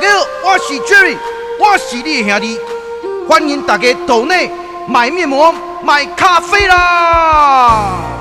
大家好，我是傑瑞，我是 Jerry，我是你的兄弟，歡迎大家到內買面膜、買咖啡啦！